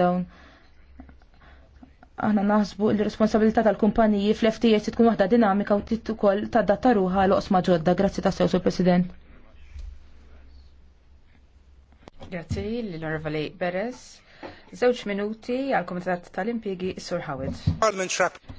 dawn. Aħna naħsbu l-responsabilità tal-kumpaniji fl-FTS tkun waħda dinamika u titt ukoll data ruha l-oqsma ġodda. Grazzi ta' sew, Sur President. Grazzi l orvali Beres. Żewġ minuti għal Komitat tal-Impjegi Sur Hawid.